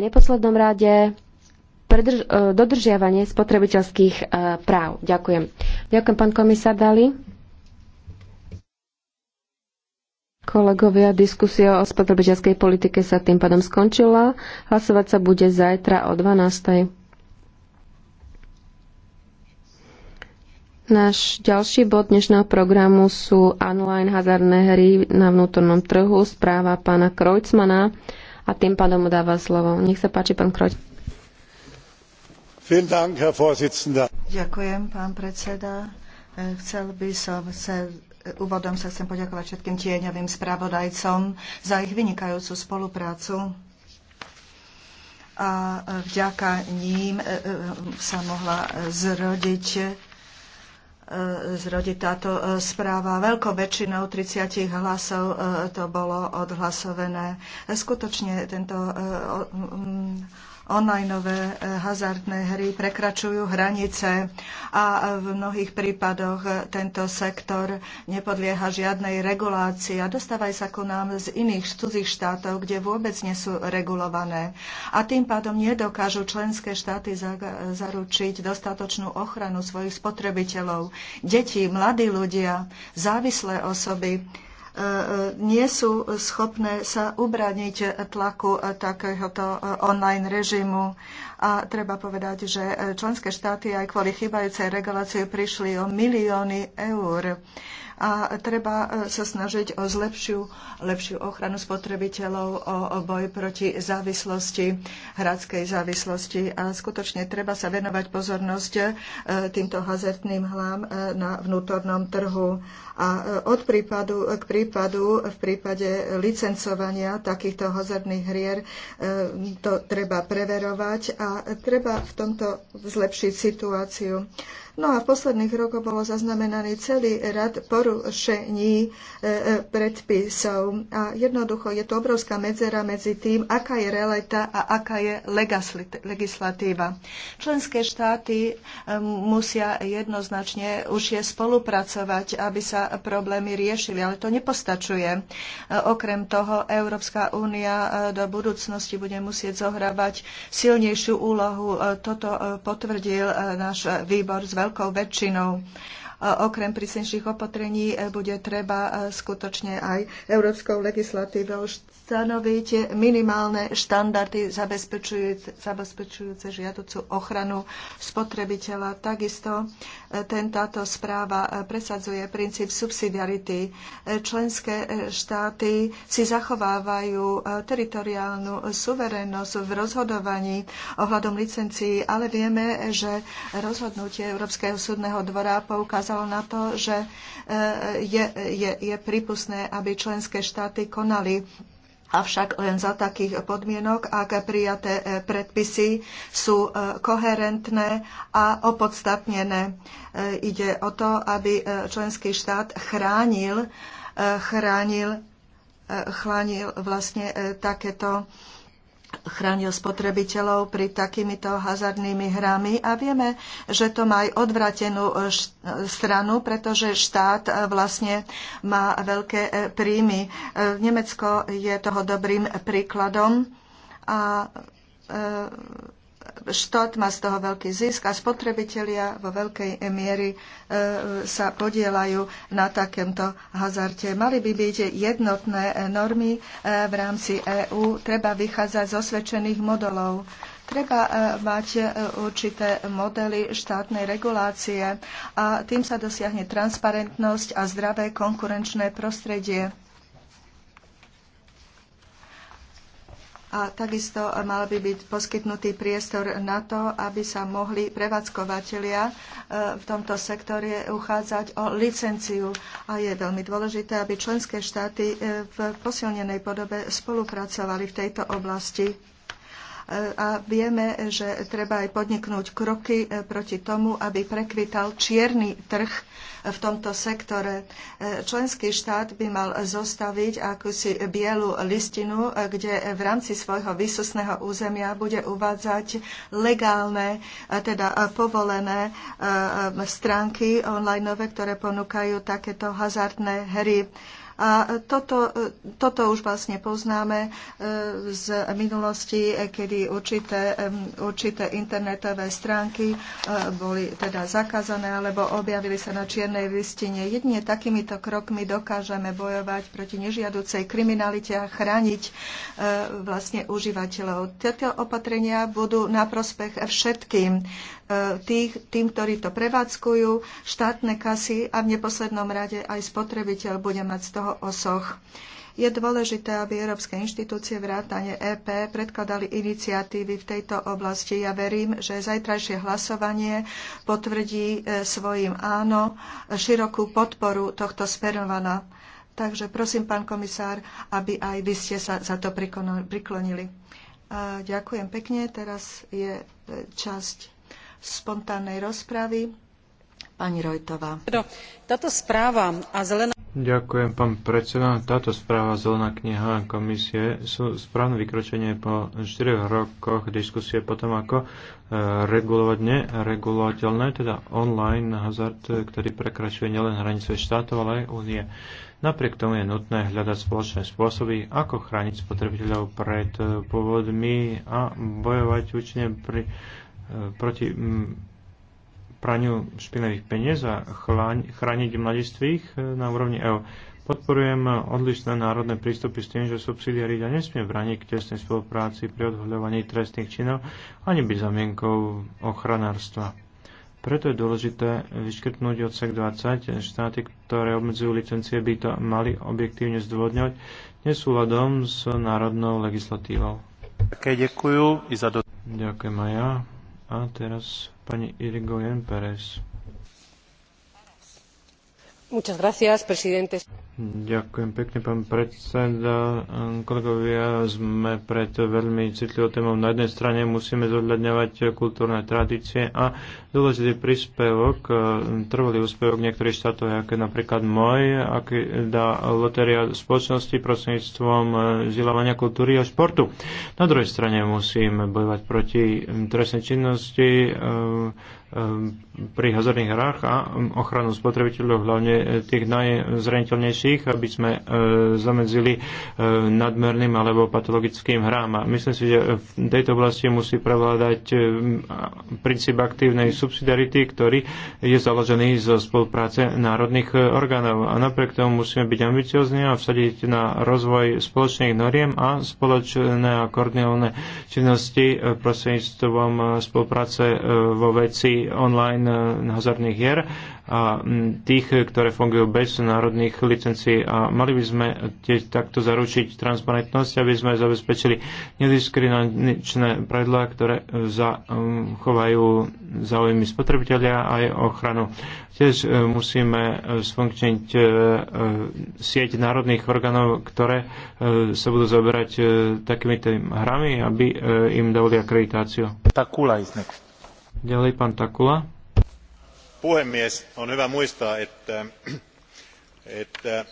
neposlednom rade predrž- e, dodržiavanie spotrebiteľských e, práv. Ďakujem. Ďakujem, pán komisár Dali. Kolegovia, diskusia o spotrebiteľskej politike sa tým pádom skončila. Hlasovať sa bude zajtra o 12.00. Náš ďalší bod dnešného programu sú online hazardné hry na vnútornom trhu, správa pána Krojcmana a tým pádom mu dáva slovo. Nech sa páči, pán Kroď. Ďakujem, pán predseda. E, chcel by som sa e, úvodom sa chcem poďakovať všetkým tieňovým spravodajcom za ich vynikajúcu spoluprácu a e, vďaka ním sa mohla zrodiť E, zrodiť táto e, správa. Veľkou väčšinou 30 hlasov e, to bolo odhlasované. Skutočne tento onlineové e, hazardné hry prekračujú hranice a v mnohých prípadoch tento sektor nepodlieha žiadnej regulácii a dostávajú sa ku nám z iných cudzích štátov, kde vôbec nie sú regulované. A tým pádom nedokážu členské štáty zaručiť dostatočnú ochranu svojich spotrebiteľov. Deti, mladí ľudia, závislé osoby, E, e, nie sú schopné sa ubraniť tlaku takéhoto e, online režimu. A treba povedať, že členské štáty aj kvôli chýbajúcej regulácii prišli o milióny eur a treba e, sa snažiť o zlepšiu, lepšiu ochranu spotrebiteľov, o, o boj proti závislosti, hradskej závislosti a skutočne treba sa venovať pozornosť e, týmto hazardným hlám e, na vnútornom trhu. A od prípadu k prípadu, v prípade licencovania takýchto hazardných hier, to treba preverovať a treba v tomto zlepšiť situáciu. No a v posledných rokoch bolo zaznamenaný celý rad porušení e, e, predpisov. A jednoducho je to obrovská medzera medzi tým, aká je realita a aká je legislatíva. Členské štáty e, musia jednoznačne už je spolupracovať, aby sa problémy riešili, ale to nepostačuje. Okrem toho Európska únia do budúcnosti bude musieť zohrávať silnejšiu úlohu. Toto potvrdil náš výbor z veľkou väčšinou okrem prísnejších opatrení e, bude treba e, skutočne aj európskou legislatívou stanoviť minimálne štandardy zabezpečujúce, zabezpečujúce žiaducu ochranu spotrebiteľa. Takisto e, táto správa presadzuje princíp subsidiarity. Členské štáty si zachovávajú teritoriálnu suverénnosť v rozhodovaní ohľadom licencií, ale vieme, že rozhodnutie Európskeho súdneho dvora poukázalo poukázalo na to, že e, je, je, je prípustné, aby členské štáty konali avšak len za takých podmienok, ak prijaté e, predpisy sú e, koherentné a opodstatnené. Ide o to, aby členský štát chránil, chránil, chránil vlastne takéto chránil spotrebiteľov pri takýmito hazardnými hrami a vieme, že to má aj odvratenú e, e, stranu, pretože štát e, vlastne má veľké príjmy. Nemecko je toho dobrým príkladom a štát má z toho veľký zisk a spotrebitelia vo veľkej miery e, sa podielajú na takomto hazarte. Mali by byť jednotné normy e, v rámci EÚ. Treba vychádzať z osvedčených modelov. Treba e, mať určité modely štátnej regulácie a tým sa dosiahne transparentnosť a zdravé konkurenčné prostredie. a takisto mal by byť poskytnutý priestor na to, aby sa mohli prevádzkovateľia e, v tomto sektore uchádzať o licenciu. A je veľmi dôležité, aby členské štáty e, v posilnenej podobe spolupracovali v tejto oblasti a vieme, že treba aj podniknúť kroky e, proti tomu, aby prekvital čierny trh e, v tomto sektore. E, členský štát by mal zostaviť akúsi bielu listinu, kde v rámci svojho výsusného územia bude uvádzať legálne, teda povolené stránky online, ktoré ponúkajú takéto hazardné hry. A toto, toto už vlastne poznáme e, z minulosti, e, kedy určité, e, určité internetové stránky boli teda zakázané alebo objavili sa na čiernej listine. Jedine takýmito krokmi dokážeme bojovať proti nežiaducej kriminalite a chrániť vlastne užívateľov. Tieto opatrenia budú na prospech všetkým tých, tým, ktorí to prevádzkujú, štátne kasy a v neposlednom rade aj spotrebiteľ bude mať z toho osoch. Je dôležité, aby európske inštitúcie vrátane EP predkladali iniciatívy v tejto oblasti. Ja verím, že zajtrajšie hlasovanie potvrdí e, svojim áno širokú podporu tohto smerovaná. Takže prosím, pán komisár, aby aj vy ste sa za to priklonili. ďakujem pekne. Teraz je e, časť spontánnej rozpravy. Pani Rojtová. Táto správa a zelená... Ďakujem, pán predseda. Táto správa Zelená kniha komisie sú správne vykročenie po 4 rokoch diskusie po tom, ako e, regulovať neregulovateľné, teda online hazard, ktorý prekračuje nielen hranice štátov, ale aj únie. Napriek tomu je nutné hľadať spoločné spôsoby, ako chrániť spotrebiteľov pred e, pôvodmi a bojovať účinne pri proti mm, praniu špinavých peniaz a chrániť mladistvých e, na úrovni EU. Podporujem odlišné národné prístupy s tým, že subsidiarita nesmie braniť k tesnej spolupráci pri odhľadovaní trestných činov ani byť zamienkou ochranárstva. Preto je dôležité vyškrtnúť odsek 20. Štáty, ktoré obmedzujú licencie, by to mali objektívne zdôvodňovať nesúladom s národnou legislatívou. Také ďakujú. Ďakujem aj ja. A teraz pani Irigoyen Perez. Ďakujem pekne, pán predseda. Kolegovia, sme pred veľmi citlivou témou. Na jednej strane musíme zohľadňovať kultúrne tradície a dôležitý príspevok, e, trvalý úspevok niektorých štátov, ako napríklad môj, aký dá loteria spoločnosti prostredníctvom e, vzdelávania kultúry a športu. Na druhej strane musíme bojovať proti trestnej činnosti, e, Ehm, pri hazardných hrách a ehm, ochranu spotrebiteľov, hlavne e, tých najzraniteľnejších, aby sme e, zamedzili e, nadmerným alebo patologickým hrám. A myslím si, že v tejto oblasti musí prevládať princíp aktívnej subsidiarity, ktorý je založený zo spolupráce národných orgánov. A napriek tomu musíme byť ambiciozni a vsadiť na rozvoj spoločných noriem a spoločné a koordinované činnosti prostredníctvom spolupráce vo veci online hazardných eh, hier a mm, tých, ktoré fungujú bez národných licencií. A mali by sme tiež takto zaručiť transparentnosť, aby sme zabezpečili nediskriminačné pravidlá, ktoré eh, zachovajú mm, záujmy spotrebitelia a aj ochranu. Tiež eh, musíme sfunkčniť sieť národných orgánov, ktoré sa budú zaoberať takými hrami, aby im dali akreditáciu. Takú lajznek. Ďalej pán Takula. Puhemies, on hyvä muistaa, että, että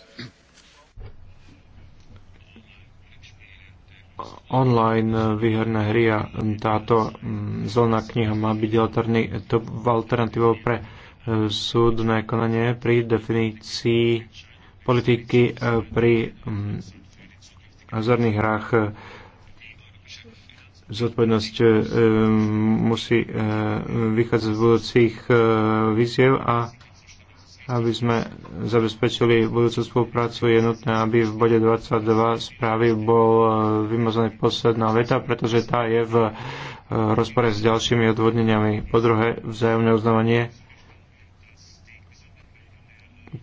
online výherné hry a táto mm, zelená kniha má byť alternatívou pre e, súdne konanie pri definícii politiky e, pri hazardných mm, hrách e, zodpovednosť e, musí e, vychádzať z budúcich e, víziev a aby sme zabezpečili budúcu spoluprácu, je nutné, aby v bode 22 správy bol vymazaný posledná veta, pretože tá je v rozpore s ďalšími odvodneniami. Po druhé, vzájomné uznávanie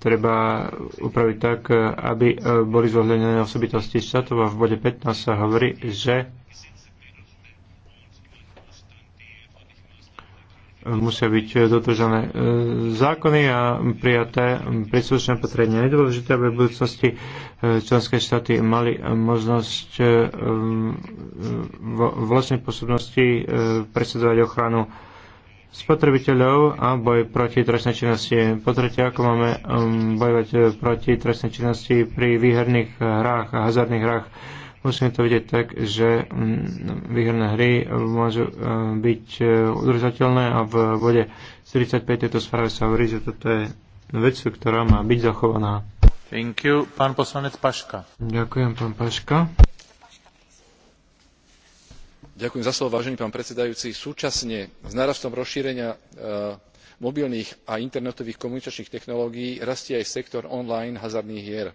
treba upraviť tak, aby boli zohľadené osobitosti štátov a v bode 15 sa hovorí, že musia byť e, dodržané e, zákony a prijaté príslušné potrebne. Je dôležité, aby v budúcnosti e, členské štáty mali možnosť vo vlastnej pôsobnosti presadzovať ochranu spotrebiteľov a boj proti trestnej činnosti. Po tretie, ako máme bojovať proti trestnej činnosti pri výherných hrách a hazardných hrách Musíme to vidieť tak, že mm, výherné hry môžu e, byť e, udržateľné a v bode 45 tejto správy sa hovorí, že toto je vec, ktorá má byť zachovaná. Thank you. Pán poslanec Paška. Ďakujem, pán Paška. Ďakujem za slovo, vážený pán predsedajúci. Súčasne s narastom rozšírenia e, mobilných a internetových komunikačných technológií rastie aj sektor online hazardných hier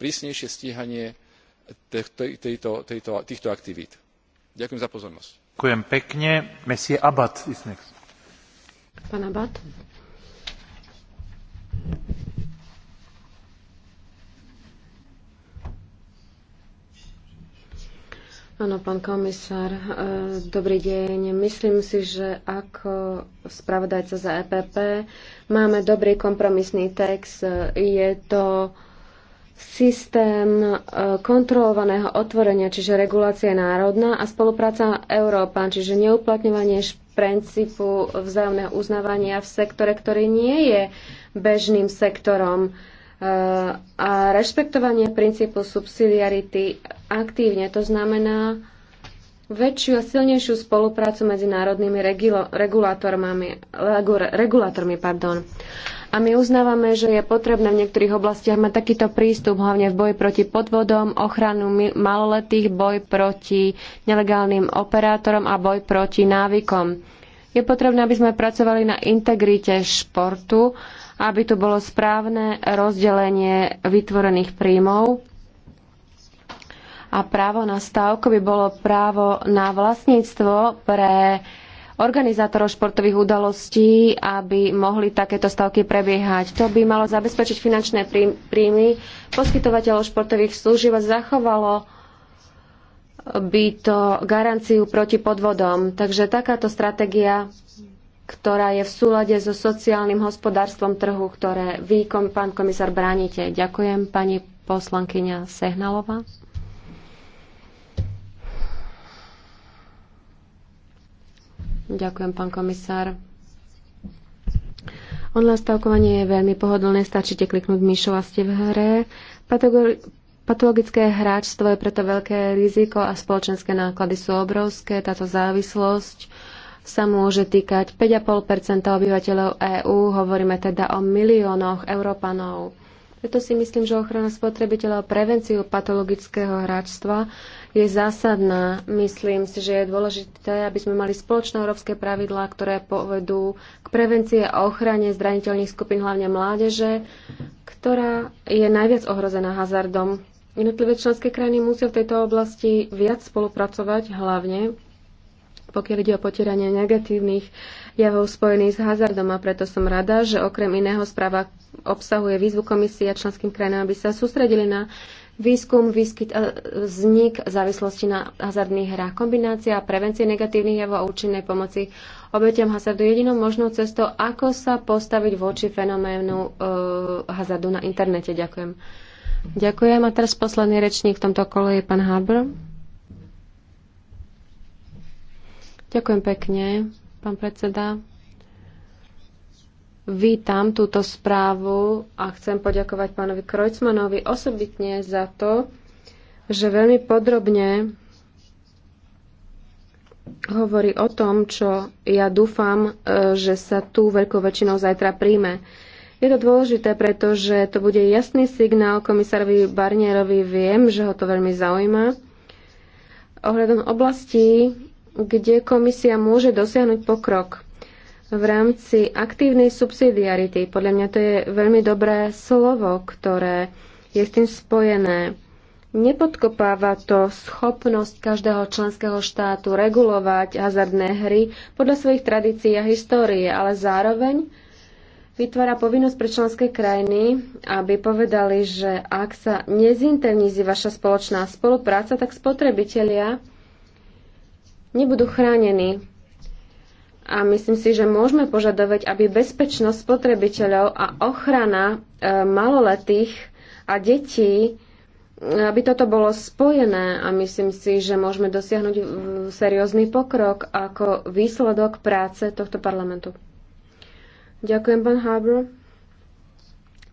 prísnejšie stíhanie týchto aktivít. ďakujem za pozornosť. pán komisár, e, dobrý deň. Myslím si, že ako spravodajca za EPP máme dobrý kompromisný text. E, je to systém e, kontrolovaného otvorenia, čiže regulácia národná a spolupráca Európa, čiže neuplatňovanie princípu vzájomného uznávania v sektore, ktorý nie je bežným sektorom e, a rešpektovanie princípu subsidiarity aktívne. To znamená väčšiu a silnejšiu spoluprácu medzi národnými regulátormi. Pardon. A my uznávame, že je potrebné v niektorých oblastiach mať takýto prístup, hlavne v boji proti podvodom, ochranu maloletých, boj proti nelegálnym operátorom a boj proti návykom. Je potrebné, aby sme pracovali na integrite športu, aby tu bolo správne rozdelenie vytvorených príjmov a právo na stávku by bolo právo na vlastníctvo pre organizátorov športových udalostí, aby mohli takéto stavky prebiehať. To by malo zabezpečiť finančné príjmy poskytovateľov športových služieb a zachovalo by to garanciu proti podvodom. Takže takáto stratégia ktorá je v súlade so sociálnym hospodárstvom trhu, ktoré vy, pán komisár, bránite. Ďakujem, pani poslankyňa Sehnalová. Ďakujem, pán komisár. Online stavkovanie je veľmi pohodlné, stačíte kliknúť myšou a ste v hre. Patologické hráčstvo je preto veľké riziko a spoločenské náklady sú obrovské. Táto závislosť sa môže týkať 5,5 obyvateľov EÚ, hovoríme teda o miliónoch Európanov. Preto si myslím, že ochrana spotrebiteľa a prevenciu patologického hráčstva je zásadná. Myslím si, že je dôležité, aby sme mali spoločné európske pravidlá, ktoré povedú k prevencii a ochrane zraniteľných skupín, hlavne mládeže, ktorá je najviac ohrozená hazardom. Jednotlivé členské krajiny musia v tejto oblasti viac spolupracovať, hlavne pokiaľ ide o potieranie negatívnych javov spojených s hazardom a preto som rada, že okrem iného správa obsahuje výzvu komisie a členským krajinám, aby sa sústredili na výskum, výskyt a vznik závislosti na hazardných hrách. Kombinácia a prevencie negatívnych javov a účinnej pomoci obetiam hazardu jedinou možnou cestou, ako sa postaviť voči fenoménu e, hazardu na internete. Ďakujem. Ďakujem. A teraz posledný rečník v tomto kole je pán Harbour. Ďakujem pekne, pán predseda. Vítam túto správu a chcem poďakovať pánovi Krojcmanovi osobitne za to, že veľmi podrobne hovorí o tom, čo ja dúfam, e, že sa tu veľkou väčšinou zajtra príjme. Je to dôležité, pretože to bude jasný signál komisárovi Barnierovi. Viem, že ho to veľmi zaujíma. Ohľadom oblastí, kde komisia môže dosiahnuť pokrok v rámci aktívnej subsidiarity. Podľa mňa to je veľmi dobré slovo, ktoré je s tým spojené. Nepodkopáva to schopnosť každého členského štátu regulovať hazardné hry podľa svojich tradícií a histórie, ale zároveň vytvára povinnosť pre členské krajiny, aby povedali, že ak sa nezintenzívi vaša spoločná spolupráca, tak spotrebitelia nebudú chránení. A myslím si, že môžeme požadovať, aby bezpečnosť spotrebiteľov a ochrana e, maloletých a detí e, aby toto bolo spojené a myslím si, že môžeme dosiahnuť seriózny pokrok ako výsledok práce tohto parlamentu. Ďakujem, pán Harbour.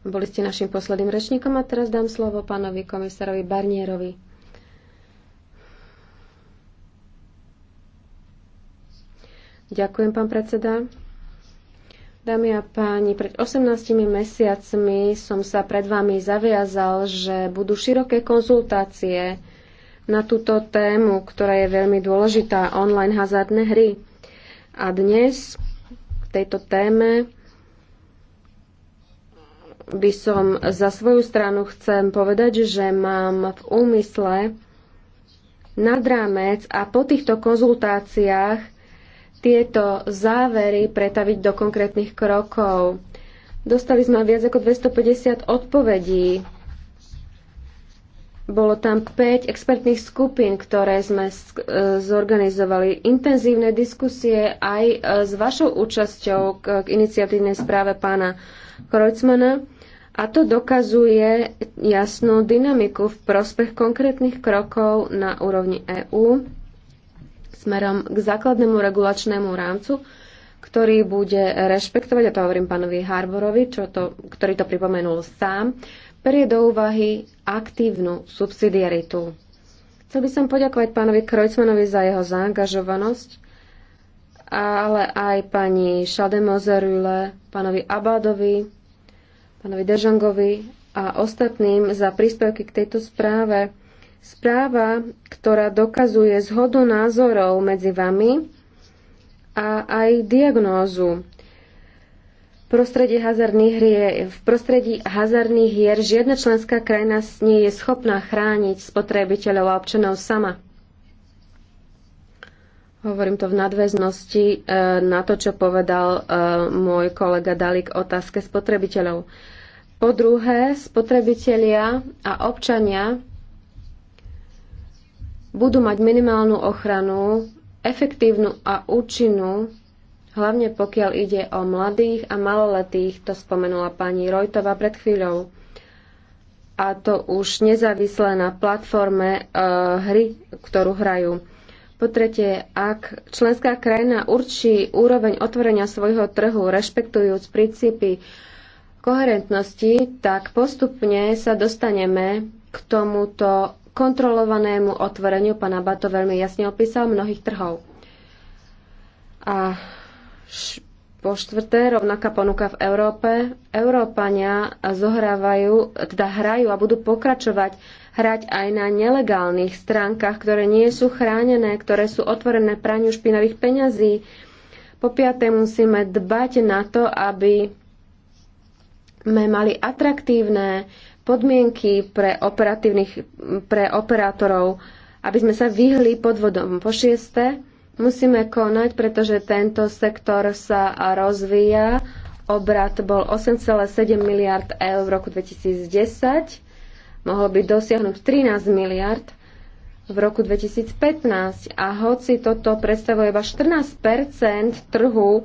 Boli ste našim posledným rečníkom a teraz dám slovo pánovi komisárovi Barnierovi. Ďakujem, pán predseda. Dámy a páni, pred 18 mesiacmi som sa pred vami zaviazal, že budú široké konzultácie na túto tému, ktorá je veľmi dôležitá, online hazardné hry. A dnes k tejto téme by som za svoju stranu chcem povedať, že mám v úmysle nad rámec a po týchto konzultáciách tieto závery pretaviť do konkrétnych krokov. Dostali sme viac ako 250 odpovedí. Bolo tam 5 expertných skupín, ktoré sme e, zorganizovali. Intenzívne diskusie aj e, s vašou účasťou k iniciatívnej správe pána Kreuzmana, A to dokazuje jasnú dynamiku v prospech konkrétnych krokov na úrovni EÚ smerom k základnému regulačnému rámcu, ktorý bude rešpektovať, a to hovorím pánovi Harborovi, čo to, ktorý to pripomenul sám, berie do úvahy aktívnu subsidiaritu. Chcel by som poďakovať pánovi Krojcmanovi za jeho zaangažovanosť, ale aj pani Šademozerule, pánovi Abadovi, pánovi Dežangovi a ostatným za príspevky k tejto správe. Správa, ktorá dokazuje zhodu názorov medzi vami a aj diagnózu. Prostredí hazardných hier, v prostredí hazardných hier žiadna členská krajina nie je schopná chrániť spotrebiteľov a občanov sama. Hovorím to v nadväznosti e, na to, čo povedal e, môj kolega Dalik k otázke spotrebiteľov. Po druhé, spotrebitelia a občania budú mať minimálnu ochranu, efektívnu a účinnú, hlavne pokiaľ ide o mladých a maloletých, to spomenula pani Rojtová pred chvíľou. A to už nezávisle na platforme e, hry, ktorú hrajú. Po tretie, ak členská krajina určí úroveň otvorenia svojho trhu, rešpektujúc princípy koherentnosti, tak postupne sa dostaneme k tomuto kontrolovanému otvoreniu. Pán Abba to veľmi jasne opísal mnohých trhov. A po štvrté, rovnaká ponuka v Európe. Európania zohrávajú, teda hrajú a budú pokračovať hrať aj na nelegálnych stránkach, ktoré nie sú chránené, ktoré sú otvorené praniu špinavých peňazí. Po piaté, musíme dbať na to, aby sme mali atraktívne podmienky pre, operatívnych, pre operátorov, aby sme sa vyhli podvodom. Po šieste, musíme konať, pretože tento sektor sa rozvíja. Obrat bol 8,7 miliard eur v roku 2010, mohol byť dosiahnuť 13 miliard v roku 2015 a hoci toto predstavuje iba 14 trhu,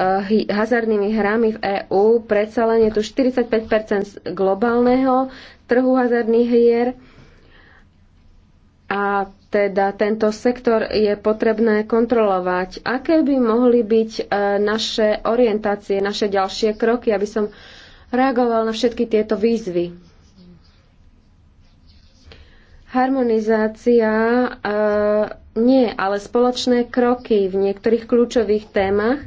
Eh, hazardnými hrami v EÚ. Predsa len je tu 45 globálneho trhu hazardných hier a teda tento sektor je potrebné kontrolovať. Aké by mohli byť eh, naše orientácie, naše ďalšie kroky, aby som reagoval na všetky tieto výzvy? Harmonizácia eh, nie, ale spoločné kroky v niektorých kľúčových témach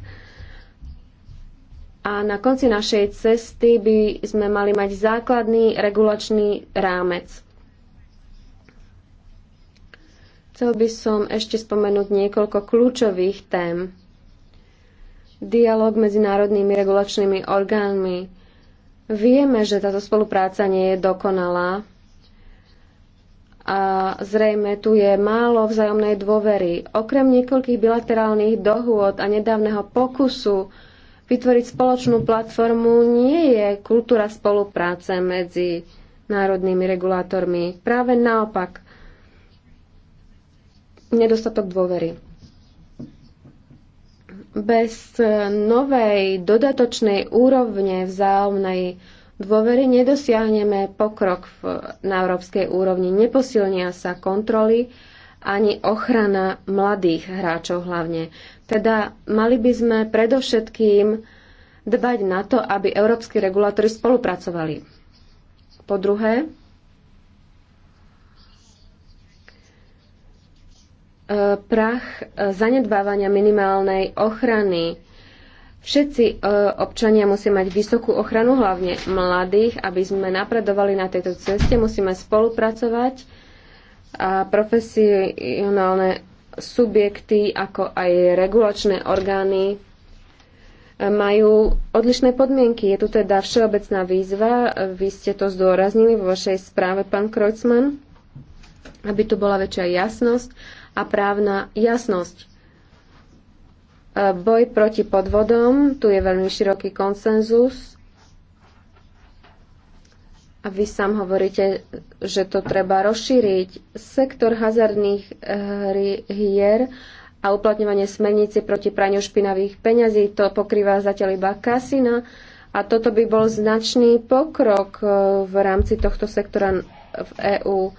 a na konci našej cesty by sme mali mať základný regulačný rámec. Chcel by som ešte spomenúť niekoľko kľúčových tém. Dialóg medzi národnými regulačnými orgánmi. Vieme, že táto spolupráca nie je dokonalá a zrejme tu je málo vzájomnej dôvery. Okrem niekoľkých bilaterálnych dohôd a nedávneho pokusu vytvoriť spoločnú platformu nie je kultúra spolupráce medzi národnými regulátormi. Práve naopak, nedostatok dôvery. Bez novej dodatočnej úrovne vzájomnej dôvery nedosiahneme pokrok v, na európskej úrovni. Neposilnia sa kontroly ani ochrana mladých hráčov hlavne. Teda mali by sme predovšetkým dbať na to, aby európsky regulátori spolupracovali. Po druhé, e, prach zanedbávania minimálnej ochrany. Všetci e, občania musia mať vysokú ochranu, hlavne mladých, aby sme napredovali na tejto ceste. Musíme spolupracovať a profesionálne subjekty, ako aj regulačné orgány e, majú odlišné podmienky. Je tu teda všeobecná výzva. Vy ste to zdôraznili vo vašej správe, pán Kreutzmann, aby tu bola väčšia jasnosť a právna jasnosť. E, boj proti podvodom, tu je veľmi široký konsenzus a vy sám hovoríte, že to treba rozšíriť. Sektor hazardných eh, hier a uplatňovanie smernice proti praniu špinavých peňazí to pokrýva zatiaľ iba kasina a toto by bol značný pokrok eh, v rámci tohto sektora v EÚ.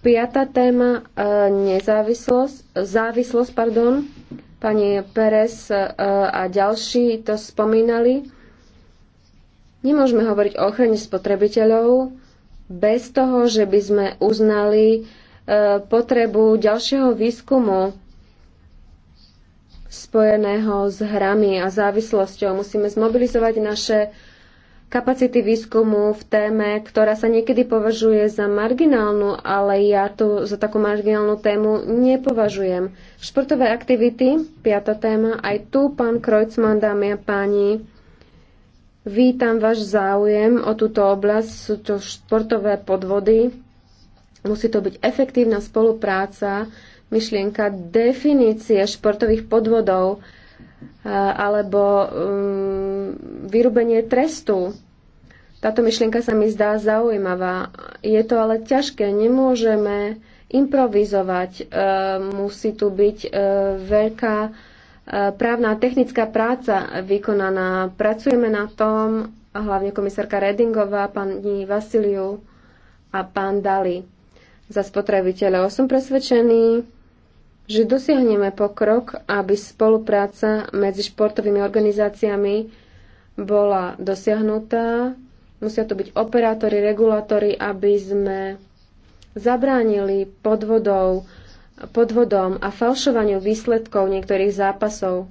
Piatá téma, eh, nezávislosť, závislosť, pardon, pani Peres a ďalší to spomínali. Nemôžeme hovoriť o ochrane spotrebiteľov bez toho, že by sme uznali e, potrebu ďalšieho výskumu spojeného s hrami a závislosťou. Musíme zmobilizovať naše kapacity výskumu v téme, ktorá sa niekedy považuje za marginálnu, ale ja tu za takú marginálnu tému nepovažujem. Športové aktivity, piata téma, aj tu pán Krojcman, dámy a páni, Vítam váš záujem o túto oblasť, sú to športové podvody. Musí to byť efektívna spolupráca, myšlienka definície športových podvodov alebo um, mm, vyrubenie trestu. Táto myšlienka sa mi zdá zaujímavá. Je to ale ťažké, nemôžeme improvizovať. E, musí tu byť e, veľká právna a technická práca vykonaná. Pracujeme na tom, a hlavne komisárka Redingová, pani Vasiliu a pán Dali za spotrebiteľov. Som presvedčený, že dosiahneme pokrok, aby spolupráca medzi športovými organizáciami bola dosiahnutá. Musia to byť operátori, regulátori, aby sme zabránili podvodov, podvodom a falšovaniu výsledkov niektorých zápasov.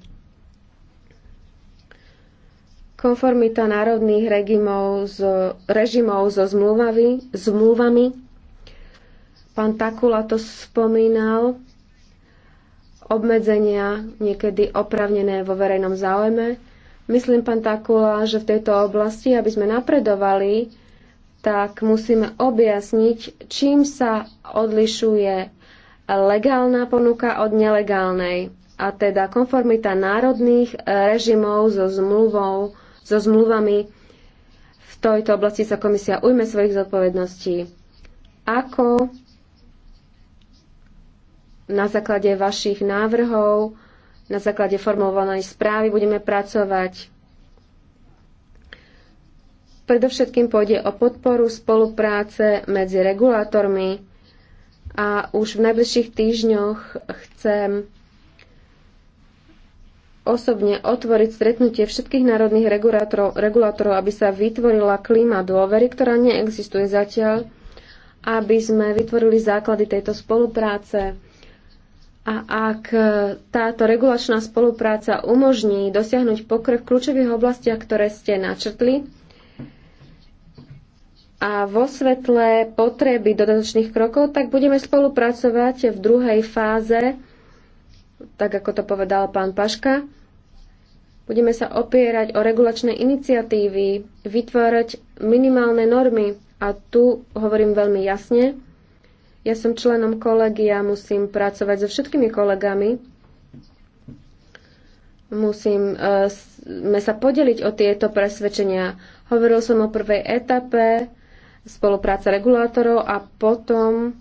Konformita národných režimov so, režimov so zmluvami, zmluvami. Pán Takula to spomínal. Obmedzenia niekedy opravnené vo verejnom záujme. Myslím, pán Takula, že v tejto oblasti, aby sme napredovali, tak musíme objasniť, čím sa odlišuje legálna ponuka od nelegálnej a teda konformita národných e, režimov so, zmluvou, so zmluvami v tejto oblasti sa komisia ujme svojich zodpovedností. Ako na základe vašich návrhov, na základe formovanej správy budeme pracovať. Predovšetkým pôjde o podporu spolupráce medzi regulátormi, a už v najbližších týždňoch chcem osobne otvoriť stretnutie všetkých národných regulátorov, regulátorov, aby sa vytvorila klíma dôvery, ktorá neexistuje zatiaľ, aby sme vytvorili základy tejto spolupráce. A ak táto regulačná spolupráca umožní dosiahnuť pokrok v kľúčových oblastiach, ktoré ste načrtli, a vo svetle potreby dodatočných krokov, tak budeme spolupracovať v druhej fáze, tak ako to povedal pán Paška. Budeme sa opierať o regulačné iniciatívy, vytvárať minimálne normy a tu hovorím veľmi jasne. Ja som členom kolegia, musím pracovať so všetkými kolegami, musíme eh, sa podeliť o tieto presvedčenia. Hovoril som o prvej etape, spolupráca regulátorov a potom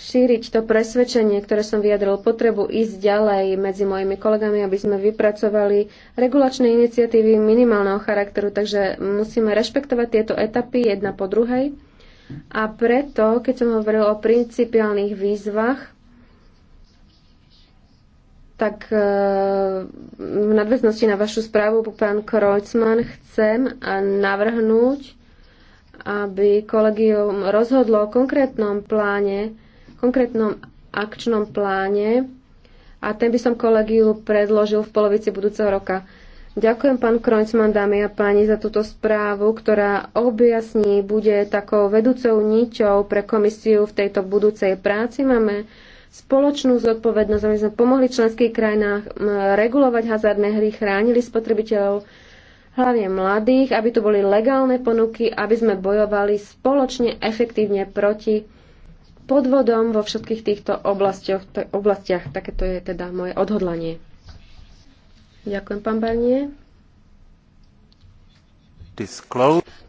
šíriť to presvedčenie, ktoré som vyjadril, potrebu ísť ďalej medzi mojimi kolegami, aby sme vypracovali regulačné iniciatívy minimálneho charakteru, takže musíme rešpektovať tieto etapy jedna po druhej. A preto, keď som hovoril o principiálnych výzvach, tak e, v nadväznosti na vašu správu, pán Krojcman, chcem navrhnúť, aby kolegium rozhodlo o konkrétnom pláne, konkrétnom akčnom pláne a ten by som kolegiu predložil v polovici budúceho roka. Ďakujem, pán Krojcman, dámy a páni, za túto správu, ktorá objasní, bude takou vedúcou niťou pre komisiu v tejto budúcej práci. Máme spoločnú zodpovednosť, aby sme pomohli členských krajinách regulovať hazardné hry, chránili spotrebiteľov, hlavne mladých, aby tu boli legálne ponuky, aby sme bojovali spoločne efektívne proti podvodom vo všetkých týchto oblastiach. oblastiach. Takéto je teda moje odhodlanie. Ďakujem, pán Barnier.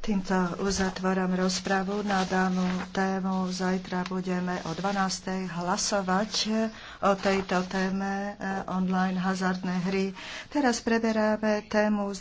Týmto uzatváram rozpravu na danú tému. Zajtra budeme o 12.00 hlasovať o tejto téme eh, online hazardné hry. Teraz preberáme tému